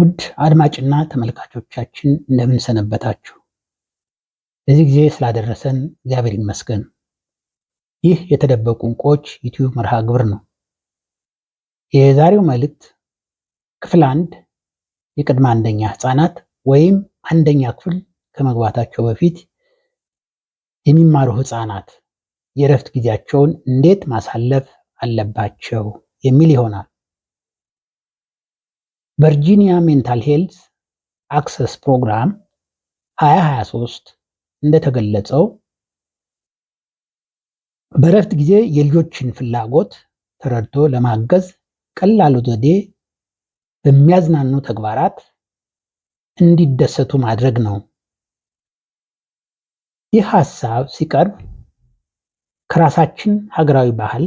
ውድ አድማጭና ተመልካቾቻችን እንደምን ሰነበታችሁ? በዚህ ጊዜ ስላደረሰን እግዚአብሔር ይመስገን። ይህ የተደበቁ ዕንቁዎች ዩቲዩብ መርሃ ግብር ነው። የዛሬው መልእክት ክፍል አንድ የቅድመ አንደኛ ህፃናት ወይም አንደኛ ክፍል ከመግባታቸው በፊት የሚማሩ ህፃናት የእረፍት ጊዜያቸውን እንዴት ማሳለፍ አለባቸው የሚል ይሆናል። ቨርጂኒያ ሜንታል ሄልዝ አክሰስ ፕሮግራም 2023 እንደተገለጸው በእረፍት ጊዜ የልጆችን ፍላጎት ተረድቶ ለማገዝ ቀላሉ ዘዴ በሚያዝናኑ ተግባራት እንዲደሰቱ ማድረግ ነው። ይህ ሀሳብ ሲቀርብ ከራሳችን ሀገራዊ ባህል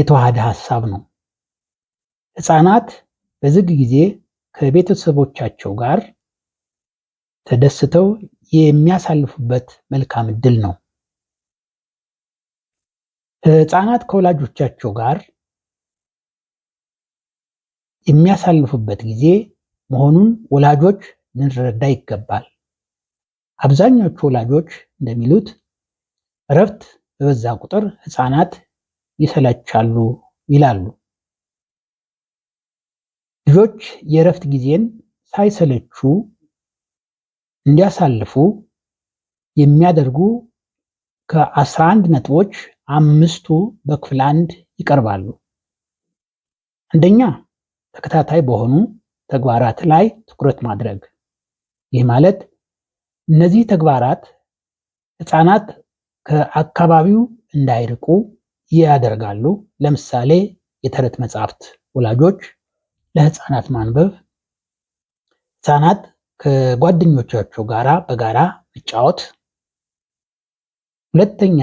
የተዋሃደ ሀሳብ ነው። ሕፃናት በዝግ ጊዜ ከቤተሰቦቻቸው ጋር ተደስተው የሚያሳልፉበት መልካም እድል ነው። ሕፃናት ከወላጆቻቸው ጋር የሚያሳልፉበት ጊዜ መሆኑን ወላጆች ልንረዳ ይገባል። አብዛኞቹ ወላጆች እንደሚሉት እረፍት በበዛ ቁጥር ሕፃናት ይሰለቻሉ ይላሉ። ልጆች የእረፍት ጊዜን ሳይሰለቹ እንዲያሳልፉ የሚያደርጉ ከአስራ አንድ ነጥቦች አምስቱ በክፍል አንድ ይቀርባሉ። አንደኛ ተከታታይ በሆኑ ተግባራት ላይ ትኩረት ማድረግ። ይህ ማለት እነዚህ ተግባራት ህፃናት ከአካባቢው እንዳይርቁ ያደርጋሉ። ለምሳሌ የተረት መጽሐፍት ወላጆች ለህፃናት ማንበብ፣ ህፃናት ከጓደኞቻቸው ጋራ በጋራ መጫወት። ሁለተኛ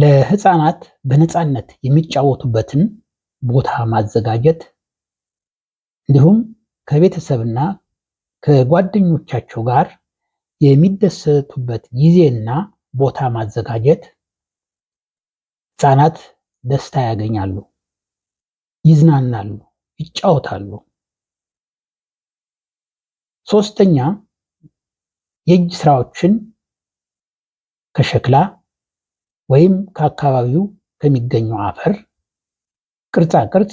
ለህፃናት በነፃነት የሚጫወቱበትን ቦታ ማዘጋጀት እንዲሁም ከቤተሰብና ከጓደኞቻቸው ጋር የሚደሰቱበት ጊዜና ቦታ ማዘጋጀት ህፃናት ደስታ ያገኛሉ፣ ይዝናናሉ። ይጫወታሉ። ሶስተኛ የእጅ ስራዎችን ከሸክላ ወይም ከአካባቢው ከሚገኙ አፈር ቅርጻ ቅርጽ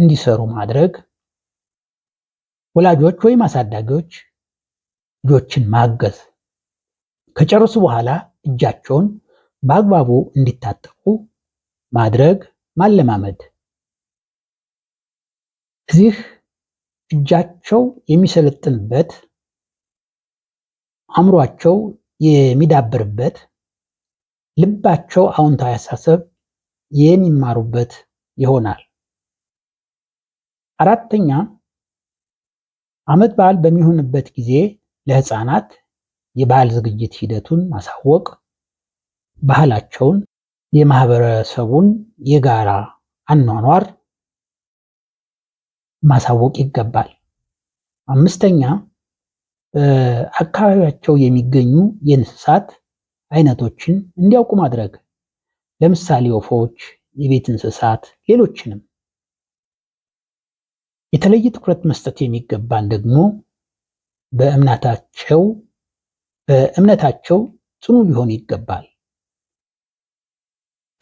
እንዲሰሩ ማድረግ። ወላጆች ወይም አሳዳጊዎች ልጆችን ማገዝ ከጨረሱ በኋላ እጃቸውን በአግባቡ እንዲታጠቁ ማድረግ ማለማመድ እዚህ እጃቸው የሚሰለጥንበት አእምሯቸው የሚዳብርበት ልባቸው አዎንታዊ አሳሰብ የሚማሩበት ይሆናል። አራተኛ ዓመት በዓል በሚሆንበት ጊዜ ለህፃናት የባህል ዝግጅት ሂደቱን ማሳወቅ ባህላቸውን፣ የማህበረሰቡን የጋራ አኗኗር ማሳወቅ ይገባል። አምስተኛ በአካባቢያቸው የሚገኙ የእንስሳት አይነቶችን እንዲያውቁ ማድረግ ለምሳሌ ወፎች፣ የቤት እንስሳት፣ ሌሎችንም። የተለየ ትኩረት መስጠት የሚገባን ደግሞ በእምነታቸው በእምነታቸው ጽኑ ሊሆን ይገባል።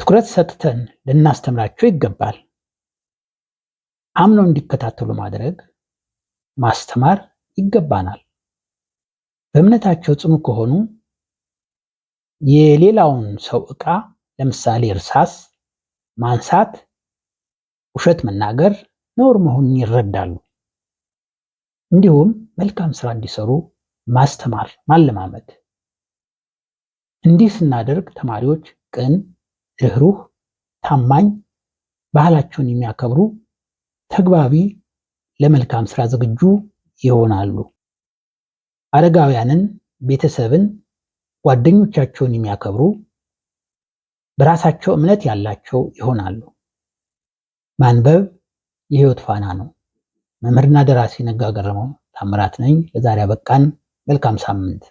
ትኩረት ሰጥተን ልናስተምራቸው ይገባል። አምነው እንዲከታተሉ ማድረግ ማስተማር ይገባናል። በእምነታቸው ጽኑ ከሆኑ የሌላውን ሰው ዕቃ ለምሳሌ እርሳስ ማንሳት፣ ውሸት መናገር ነውር መሆኑን ይረዳሉ። እንዲሁም መልካም ስራ እንዲሰሩ ማስተማር ማለማመድ። እንዲህ ስናደርግ ተማሪዎች ቅን፣ ርህሩህ፣ ታማኝ፣ ባህላቸውን የሚያከብሩ ተግባቢ፣ ለመልካም ስራ ዝግጁ ይሆናሉ። አረጋውያንን፣ ቤተሰብን፣ ጓደኞቻቸውን የሚያከብሩ፣ በራሳቸው እምነት ያላቸው ይሆናሉ። ማንበብ የህይወት ፋና ነው። መምህርና ደራሲ ነጋ ገረመው ታምራት ነኝ። ለዛሬ አበቃን። መልካም ሳምንት